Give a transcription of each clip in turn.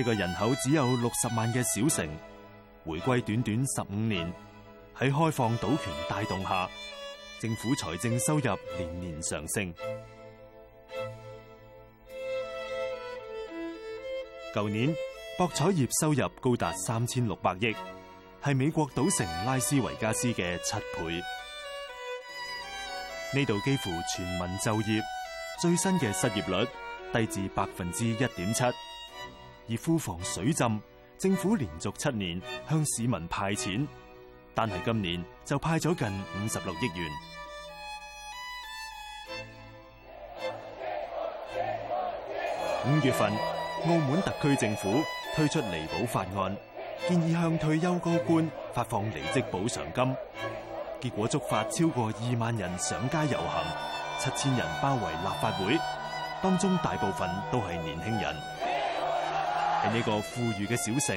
呢、這個人口只有六十萬嘅小城，回歸短短十五年，喺開放賭權帶動下，政府財政收入年年上升。舊年博彩業收入高達三千六百億，係美國賭城拉斯維加斯嘅七倍。呢度幾乎全民就業，最新嘅失業率低至百分之一點七。而庫房水浸，政府連續七年向市民派錢，但係今年就派咗近五十六億元。五月份，澳門特區政府推出離補法案，建議向退休高官發放離職補償金，結果觸發超過二萬人上街遊行，七千人包圍立法會，當中大部分都係年輕人。喺呢個富裕嘅小城，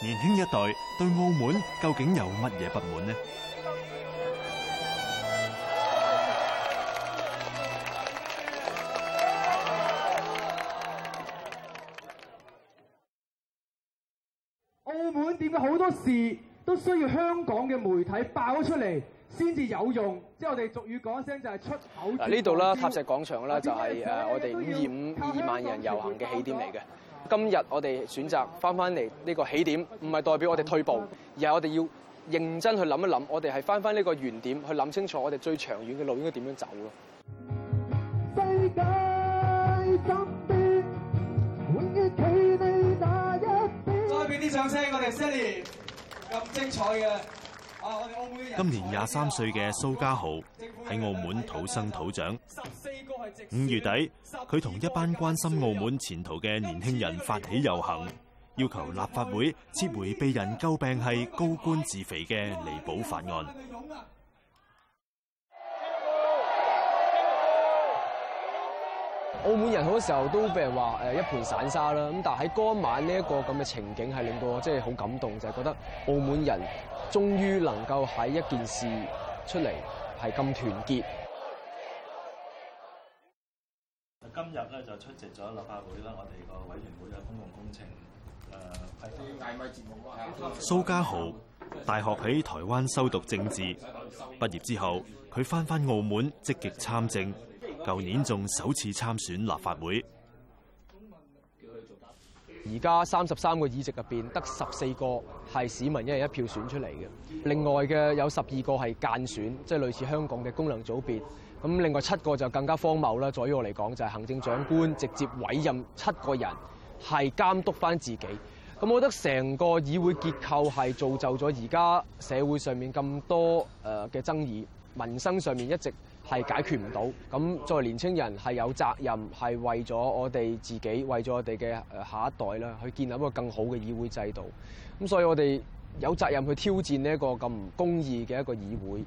年輕一代對澳門究竟有乜嘢不滿呢？澳門點解好多事都需要香港嘅媒體爆出嚟先至有用？即係我哋俗語講一聲就係出口。嗱，呢度啦，塔石廣場啦，就係誒我哋五二五二萬人遊行嘅起點嚟嘅。今日我哋選擇翻翻嚟呢個起點，唔係代表我哋退步，而係我哋要認真去諗一諗，我哋係翻翻呢個原點去諗清楚我哋最長遠嘅路應該點樣走咯。世界一再俾啲掌聲我哋 Sally，咁精彩嘅。今年廿三歲嘅蘇家豪喺澳門土生土長。五月底，佢同一班關心澳門前途嘅年輕人發起遊行，要求立法會撤回被人詬病係高官自肥嘅《離補法案》。澳門人好多時候都俾人話誒一盤散沙啦，咁但係喺嗰晚呢一個咁嘅情景係令到我即係好感動，就係覺得澳門人終於能夠喺一件事出嚟係咁團結。就出席咗立法會啦。我哋個委員會嘅公共工程。呃、蘇家豪大學喺台灣修讀政治，畢業之後佢翻返澳門積極參政，舊年仲首次參選立法會。而家三十三個議席入面，得十四個係市民一人一票選出嚟嘅。另外嘅有十二個係間選，即係類似香港嘅功能組別。咁另外七個就更加荒謬啦。對於我嚟講，就係行政長官直接委任七個人係監督返自己。咁我覺得成個議會結構係造就咗而家社會上面咁多誒嘅爭議，民生上面一直係解決唔到咁。作為年青人，係有責任係為咗我哋自己，為咗我哋嘅誒下一代啦，去建立一個更好嘅議會制度。咁，所以我哋有責任去挑戰呢一個咁唔公義嘅一個議會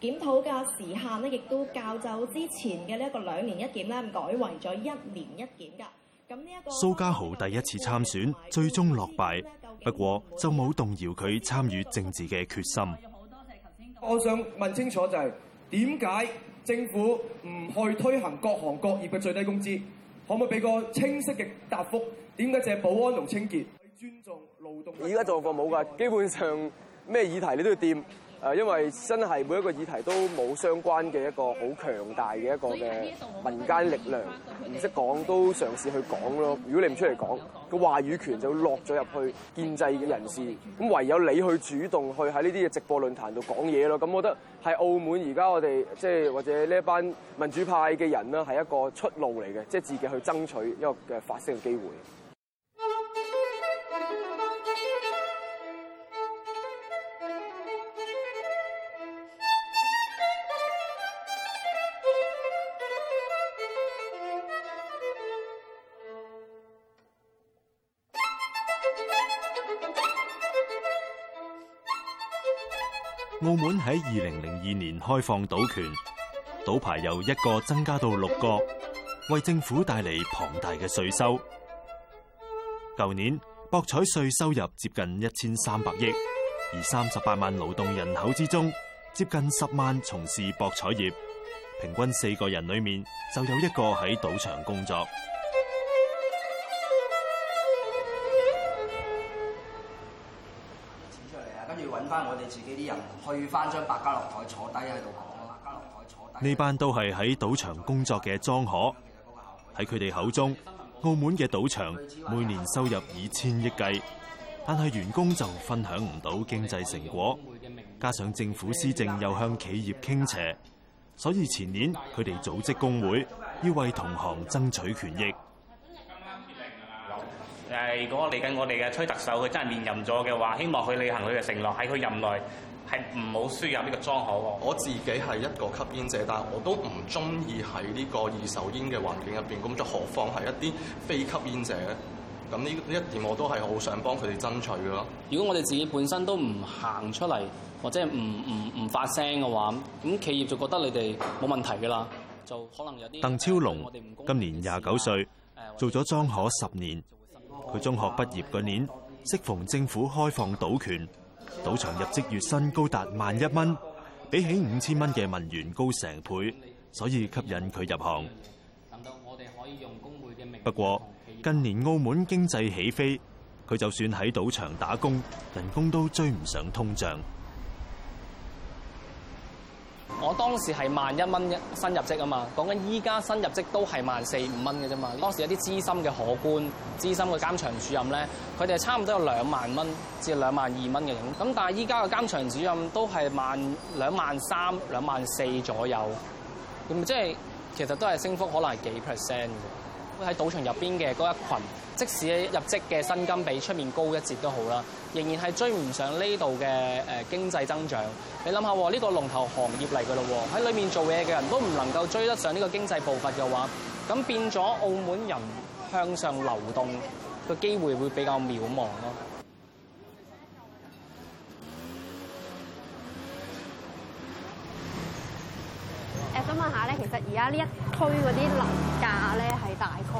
檢討嘅時限呢，亦都較就之前嘅呢一個兩年一檢咧，改為咗一年一檢㗎。咁呢一個蘇家豪第一次參選，最終落敗，不過就冇動搖佢參與政治嘅決心、嗯。我想問清楚就係。點解政府唔去推行各行各業嘅最低工資？可唔可以俾個清晰嘅答覆？點解淨係保安同清潔可以尊重勞動嘅？而家做過冇㗎，基本上咩議題你都要掂。誒，因為真係每一個議題都冇相關嘅一個好強大嘅一個嘅民間力量，唔識講都嘗試去講咯。如果你唔出嚟講，個話語權就落咗入去建制嘅人士咁，唯有你去主動去喺呢啲嘅直播論壇度講嘢咯。咁我覺得係澳門而家我哋即係或者呢一班民主派嘅人啦，係一個出路嚟嘅，即係自己去爭取一個嘅發聲嘅機會。澳門喺二零零二年開放賭權，賭牌由一個增加到六個，為政府帶來龐大嘅稅收。舊年博彩稅收入接近一千三百億，而三十八萬勞動人口之中，接近十萬從事博彩業，平均四個人裏面就有一個喺賭場工作。我哋自己啲人去翻張百家樂台坐低喺度講，百家樂台坐低呢班都係喺賭場工作嘅莊荷喺佢哋口中，澳門嘅賭場每年收入以千億計，但係員工就分享唔到經濟成果，加上政府施政又向企業傾斜，所以前年佢哋組織工會要為同行爭取權益。誒，如果嚟緊，我哋嘅崔特首佢真係連任咗嘅話，希望佢履行佢嘅承諾，喺佢任內係唔好輸入呢個莊荷。我自己係一個吸煙者，但係我都唔中意喺呢個二手煙嘅環境入邊，工作。咁，何況係一啲非吸煙者咧？咁呢呢一點我都係好想幫佢哋爭取嘅咯。如果我哋自己本身都唔行出嚟，或者唔唔唔發聲嘅話，咁企業就覺得你哋冇問題㗎啦，就可能有啲。鄧超龍今年廿九歲，做咗莊荷十年。佢中學畢業嗰年，適逢政府開放賭權，賭場入職月薪高達萬一蚊，比起五千蚊嘅文員高成倍，所以吸引佢入行。不過近年澳門經濟起飛，佢就算喺賭場打工，人工都追唔上通脹。我當時係萬一蚊一新入職啊嘛，講緊依家新入職都係萬四五蚊嘅啫嘛。當時有啲資深嘅荷官、資深嘅監場主任咧，佢哋係差唔多有兩萬蚊至兩萬二蚊嘅咁。咁但係依家嘅監場主任都係萬兩萬三、兩萬四左右，咁即係其實都係升幅可能係幾 percent 嘅。會喺賭場入邊嘅嗰一群。即使入職嘅薪金比出面高一截都好啦，仍然係追唔上呢度嘅誒經濟增長。你諗下，呢個龍頭行業嚟噶咯喎，喺裏面做嘢嘅人都唔能夠追得上呢個經濟步伐嘅話，咁變咗澳門人向上流動嘅機會會比較渺茫咯。而家呢一區嗰啲樓價咧，係大概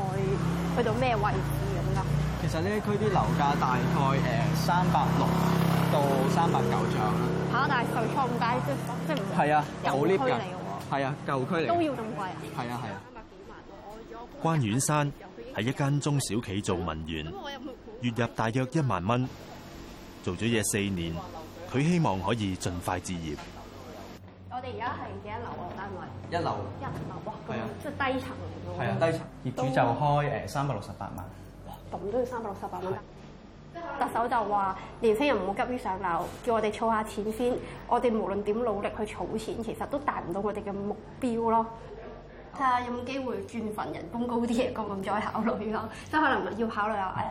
去到咩位置咁噶？其實呢一區啲樓價大概誒三百六到三百九漲啦。嚇、啊！但係佢創佳即係唔係舊區嚟㗎？係啊，舊區嚟、啊。都要咁貴啊？係啊係啊。關遠山係一間中小企做文員，月入大約一萬蚊。做咗嘢四年，佢希望可以盡快置業。你而家係幾多樓啊？單位？一樓，一樓哇，咁即係低層嚟嘅喎。係啊，低層業主就開誒三百六十八萬，哇，咁都要三百六十八萬。特首就話年輕人唔好急於上樓，叫我哋儲下錢先。我哋無論點努力去儲錢，其實都達唔到我哋嘅目標咯。嗯，睇下有冇機會轉份人工高啲嘢，嘅工再考慮咯。即係可能要考慮下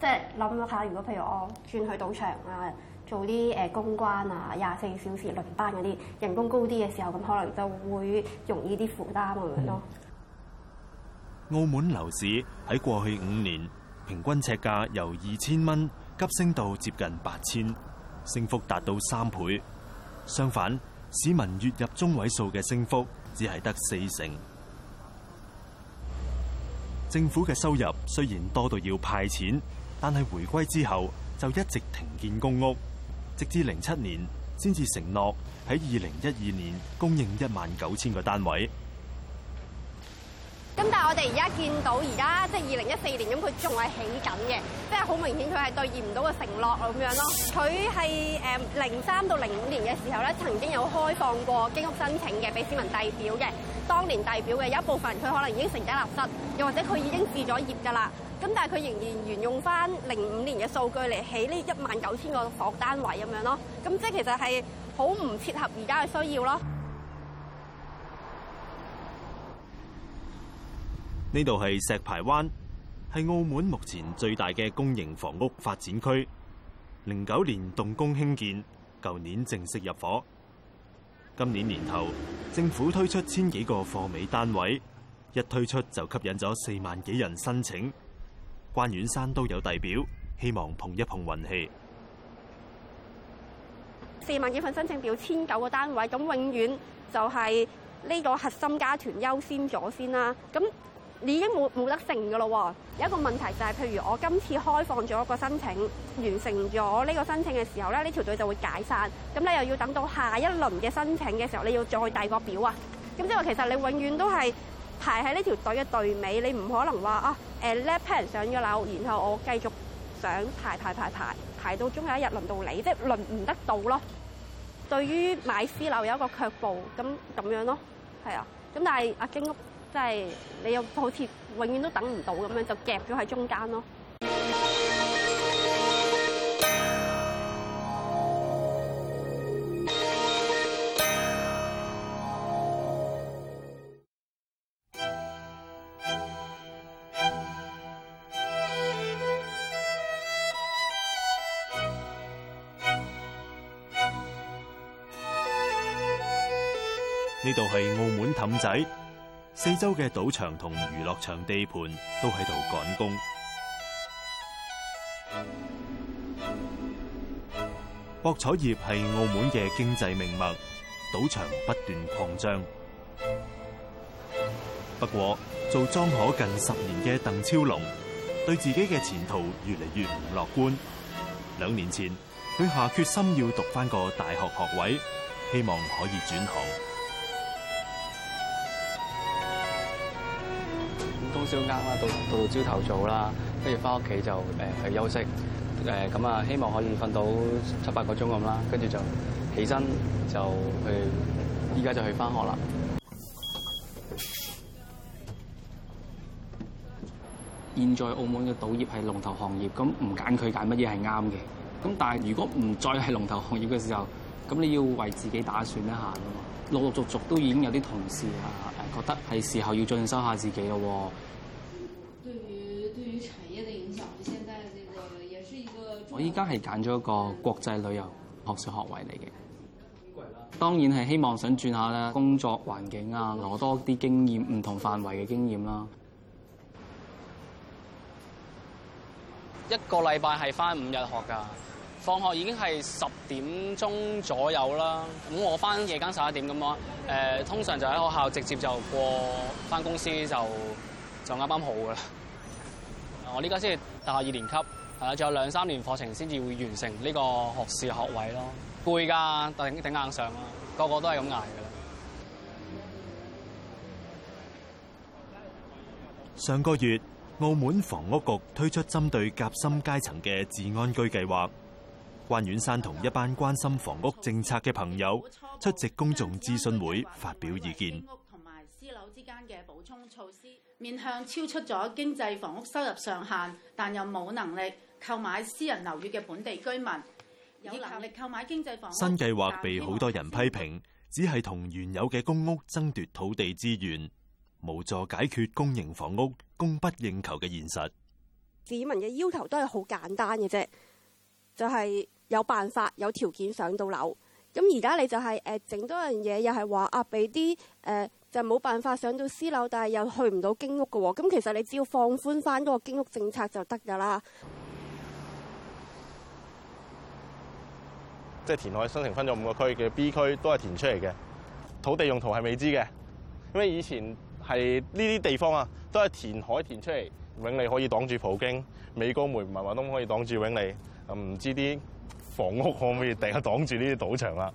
誒，即係諗一下，如果譬如我轉去賭場啊。做啲誒公關啊，廿四小時輪班嗰啲人工高啲嘅時候，咁可能就會容易啲負擔咁樣咯。澳門樓市喺過去五年平均尺價由二千蚊急升到接近八千，升幅達到三倍。相反，市民月入中位數嘅升幅只係得四成。政府嘅收入雖然多到要派錢，但係回歸之後就一直停建公屋。直至零七年，先至承諾喺二零一二年供應一萬九千個單位。咁但係我哋而家見到，而家即係二零一四年，咁佢仲係起緊嘅，即係好明顯，佢係兌現唔到個承諾咁樣咯。佢係誒零三到零五年嘅時候咧，曾經有開放過經屋申請嘅，俾市民遞表嘅。當年遞表嘅有一部分，佢可能已經成家立、立室，又或者佢已經置咗業噶啦。咁但係佢仍然沿用翻零五年嘅數據嚟起呢一萬九千個房單位咁樣咯，咁即係其實係好唔切合而家嘅需要咯。呢度係石排灣，係澳門目前最大嘅公營房屋發展區。零九年動工興建，舊年正式入伙，今年年頭政府推出千幾個貨尾單位，一推出就吸引咗四萬幾人申請。關遠山都有遞表，希望碰一碰運氣。四萬幾份申請表，千九個單位，咁永遠就係呢個核心家團優先咗先啦。咁你已經冇冇得剩噶咯？有一個問題就係，譬如我今次開放咗一個申請，完成咗呢個申請嘅時候咧，呢條隊就會解散。咁你又要等到下一輪嘅申請嘅時候，你要再遞個表啊？咁即係話，其實你永遠都係排喺呢條隊嘅隊尾，你唔可能話啊。誒，let 批人上咗樓，然後我繼續想排排排排，排到終有一日輪到你，即係輪唔得到咯。對於買私樓有一個卻步，咁咁樣咯，係啊。咁但係阿經屋，即係你又好似永遠都等唔到咁樣，就夾咗喺中間咯。呢度係澳門氹仔，四周嘅賭場同娛樂場地盤都喺度趕工。博彩業係澳門嘅經濟命脈，賭場不斷擴張。不過做莊可近十年嘅鄧超龍，對自己嘅前途越嚟越唔樂觀。兩年前，佢下決心要讀返個大學學位，希望可以轉行。通宵啱啦，到到朝頭早啦，跟住翻屋企就誒去、呃、休息，誒咁啊希望可以瞓到七八個鐘咁啦，跟住就起身就去，依家就去翻學啦。現在澳門嘅賭業係龍頭行業，咁唔揀佢揀乜嘢係啱嘅。咁但係如果唔再係龍頭行業嘅時候，咁你要為自己打算一下噶嘛。陸陸續續都已經有啲同事啊覺得係時候要進修下自己咯喎。我依家係揀咗一個國際旅遊學士學位嚟嘅，當然係希望想轉下啦工作環境啊，攞多啲經驗，唔同範圍嘅經驗啦。一個禮拜係翻五日學㗎，放學已經係十點鐘左右啦。咁我翻夜間十一點咁咯。誒，通常就喺學校直接就過，翻公司就就啱啱好㗎啦。我呢家先係大學二年級。仲有兩三年課程先至會完成呢個學士學位咯，背㗎，頂頂硬上啊！個個都係咁捱㗎啦。上個月，澳門房屋局推出針對夾心階層嘅置安居計劃。關遠山同一班關心房屋政策嘅朋友出席公眾諮詢會，發表意見。同埋私樓之間嘅補充措施，面向超出咗經濟房屋收入上限，但又冇能力，購買私人樓宇嘅本地居民有能力購買經濟房，新計劃被好多人批評，只係同原有嘅公屋爭奪土地資源，無助解決公營房屋供不應求嘅現實。市民嘅要求都係好簡單嘅啫，就係、是、有辦法、有條件上到樓。咁而家你就係誒整多樣嘢，又係話啊俾啲誒就冇辦法上到私樓，但係又去唔到經屋嘅喎。咁其實你只要放寬翻嗰個經屋政策就得㗎啦。即係填海新城分咗五個區嘅 B 區都係填出嚟嘅，土地用途係未知嘅，因為以前係呢啲地方啊，都係填海填出嚟，永利可以擋住葡京，美高梅唔係話都唔可以擋住永利？唔知啲房屋可唔可以第一擋住呢啲賭場啦？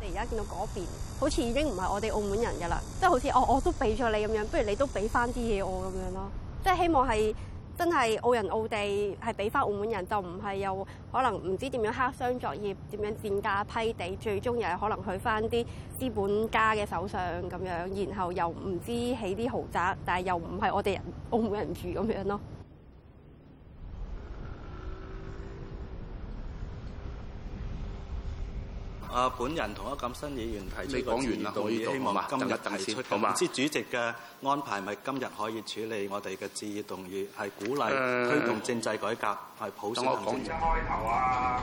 你而家見到嗰邊，好似已經唔係我哋澳門人噶啦，即係好似我、哦、我都俾咗你咁樣，不如你都俾翻啲嘢我咁樣咯，即係希望係。真係澳人澳地，係俾翻澳門人，就唔係又可能唔知點樣黑箱作業，點樣賤價批地，最終又有可能去翻啲資本家嘅手上咁樣，然後又唔知起啲豪宅，但係又唔係我哋人澳門人住咁樣咯。啊！本人同區錦新議員提出講完，呢個議道嘅，希望今日提出，唔知主席嘅安排咪、就是、今日可以處理我哋嘅自動議，係鼓勵推動政制改革，係、呃、普選。等我講完開頭啊，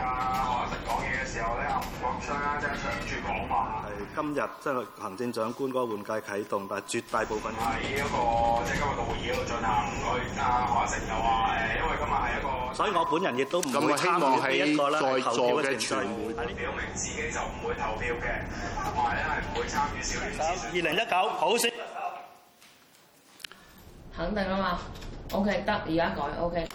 啊何臣講嘢嘅時候咧又講衰即係想住講話。係今日即係行政長官嗰個換屆啟動，但係絕大部分喺一個即係今日會議嗰度進行。佢啊何臣又話誒，因為今日係一個，所以我本人亦都唔會參與一個咧在嘅程序。求求表明自己就唔會投票嘅，同埋咧係唔會參與小圈子選二零一九，好先。肯定啊嘛，OK，得，而家改 OK。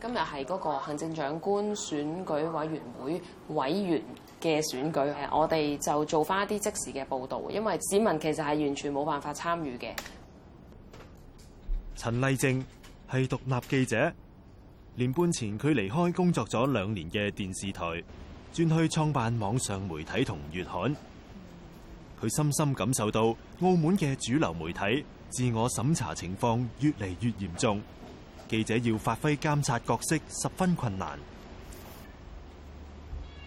今日係嗰個行政長官選舉委員會委員嘅選舉，我哋就做翻一啲即時嘅報導，因為市民其實係完全冇辦法參與嘅。陳麗靜係獨立記者。年半前，佢離開工作咗兩年嘅電視台，轉去創辦網上媒體同粵刊。佢深深感受到澳門嘅主流媒體自我審查情況越嚟越嚴重，記者要發揮監察角色十分困難。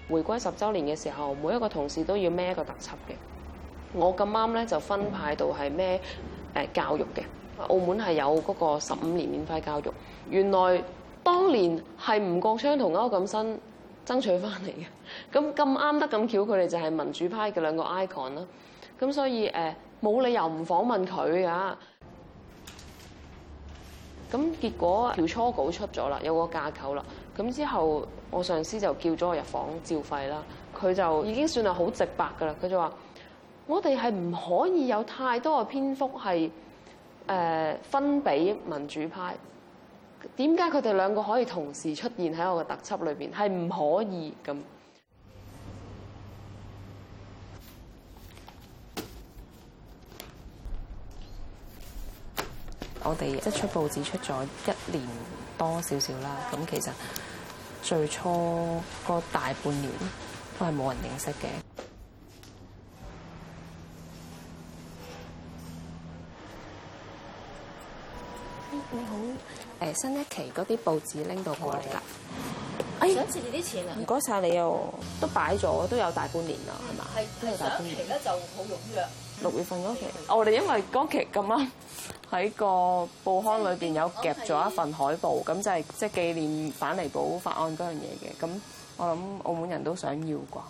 回歸十周年嘅時候，每一個同事都要孭一個特輯嘅。我咁啱咧就分派到係咩誒教育嘅。澳門係有嗰個十五年免費教育，原來。當年係吳國昌同歐錦生爭取翻嚟嘅，咁咁啱得咁巧，佢哋就係民主派嘅兩個 icon 啦。咁所以呃、冇理由唔訪問佢噶。咁結果條初稿出咗啦，有個架構啦。咁之後我上司就叫咗我入房照肺啦。佢就已經算係好直白噶啦。佢就話：我哋係唔可以有太多嘅篇幅係呃、分俾民主派。點解佢哋兩個可以同時出現在我的特，喺我嘅特輯裏邊？係唔可以咁？我哋一出報紙出咗一年多少少啦，咁其實最初個大半年都係冇人認識嘅。你好，誒新一期嗰啲報紙拎到過嚟啦、哎。想借你啲錢啊？唔該晒你啊，都擺咗都有大半年啦，係嘛？係，都有大半年。呢一期咧就好踴躍。六月份嗰期。哦、我哋因為嗰期咁啱喺個報刊裏邊有夾咗一份海報，咁就係即係紀念反離補法案嗰樣嘢嘅。咁我諗澳門人都想要啩。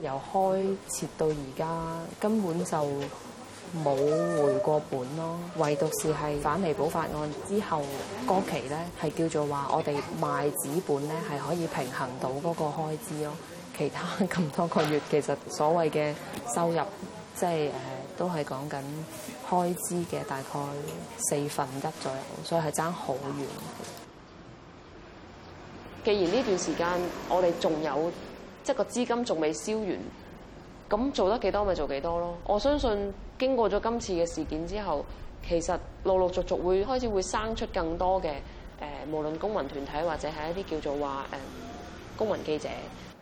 由開設到而家根本就。冇回過本咯，唯獨是係反離補法案之後嗰期咧，係叫做話我哋賣紙本咧，係可以平衡到嗰個開支咯。其他咁多個月，其實所謂嘅收入即係都係講緊開支嘅，大概四分一左右，所以係爭好遠。既然呢段時間我哋仲有即係個資金仲未消完，咁做得幾多咪做幾多咯。我相信。經過咗今次嘅事件之後，其實陸陸續續會開始會生出更多嘅誒、呃，無論公民團體或者係一啲叫做話誒、呃、公民記者。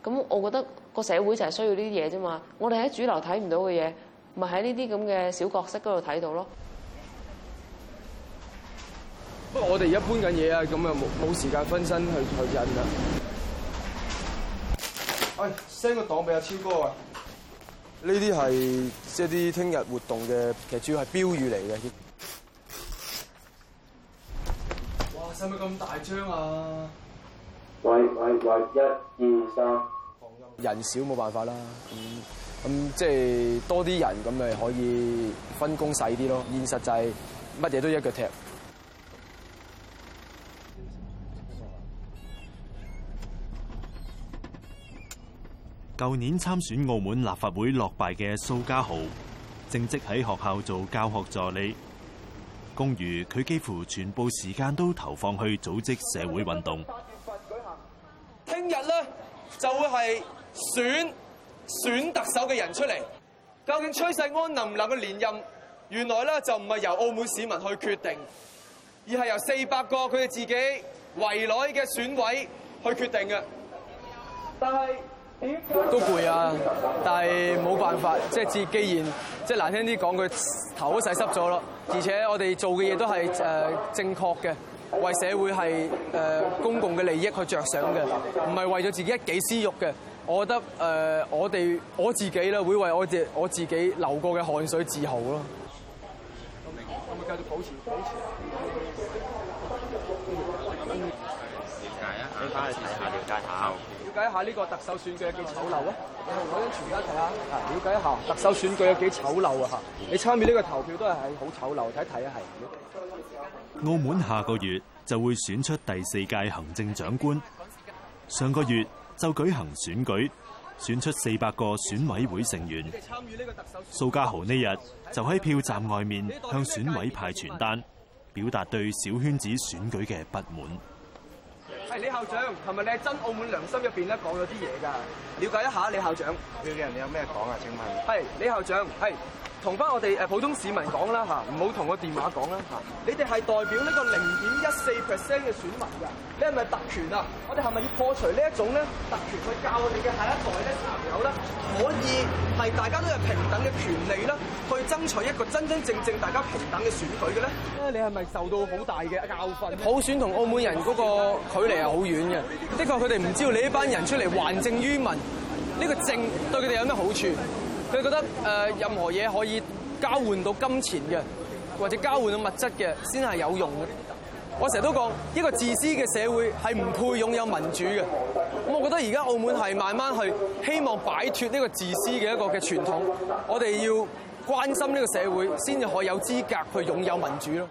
咁、嗯、我覺得個社會就係需要呢啲嘢啫嘛。我哋喺主流睇唔到嘅嘢，咪喺呢啲咁嘅小角色嗰度睇到咯。不過我哋而家搬緊嘢啊，咁又冇冇時間分身去去印、哎、啊。喂，send 個檔俾阿超哥啊！呢啲係即係啲聽日活動嘅，其實主要係標語嚟嘅。哇！使唔使咁大張啊？喂喂喂！一二三，人少冇辦法啦。咁咁即係多啲人，咁咪可以分工細啲咯。現實就係乜嘢都一腳踢。舊年參選澳門立法會落敗嘅蘇嘉豪，正職喺學校做教學助理，公餘佢幾乎全部時間都投放去組織社會運動。聽日呢，就會係選選特首嘅人出嚟，究竟崔世安能唔能夠連任？原來呢，就唔係由澳門市民去決定，而係由四百個佢哋自己圍內嘅選委去決定嘅。但係。都攰啊，但係冇辦法，即係自既然即係難聽啲講，佢頭都晒濕咗咯。而且我哋做嘅嘢都係誒、呃、正確嘅，為社會係誒、呃、公共嘅利益去着想嘅，唔係為咗自己一己私欲嘅。我覺得誒我哋我自己啦，會為我只我自己流過嘅汗水自豪咯。咁咪繼續保持保持。翻去睇下，瞭解下。了解一下呢個特首選舉幾醜陋咧？你同我哋全家睇下。啊，瞭解一下特首選舉有幾醜陋啊？嚇！你參與呢個投票都係好醜陋，睇睇係唔係？澳門下個月就會選出第四屆行政長官。上個月就舉行選舉，選出四百個選委會成員。蘇家豪呢日就喺票站外面向選委派傳單，表達對小圈子選舉嘅不滿。係李校長，係咪你喺真澳門良心入邊咧講咗啲嘢噶，了解一下李校長。佢嘅人你有咩講啊？請問。係李校長，係。同翻我哋誒普通市民講啦嚇，唔好同個電話講啦嚇。你哋係代表呢個零點一四 percent 嘅選民㗎，你係咪特權啊？我哋係咪要破除呢一種咧特權，去教我哋嘅下一代咧小朋友咧，可以係大家都係平等嘅權利啦，去爭取一個真真正正大家平等嘅選舉嘅咧？你係咪受到好大嘅教訓？普選同澳門人嗰個距離係好遠嘅。嗯，的確佢哋唔知道你呢班人出嚟還政於民，呢、呢個政對佢哋有咩好處？佢覺得、呃、任何嘢可以交換到金錢嘅，或者交換到物質嘅，先係有用嘅。我成日都講一個自私嘅社會係唔配擁有民主嘅。咁我覺得而家澳門係慢慢去希望擺脫呢個自私嘅一個嘅傳統。我哋要關心呢個社會，先至可以有資格去擁有民主咯。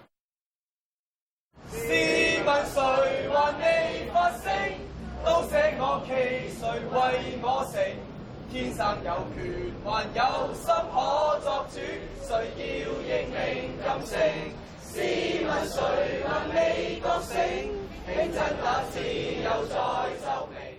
試問誰還未發聲？都捨我其誰衛我城！天生有權還有心可作主，誰要認命感性，試問誰問未覺醒，天真假自由再收尾。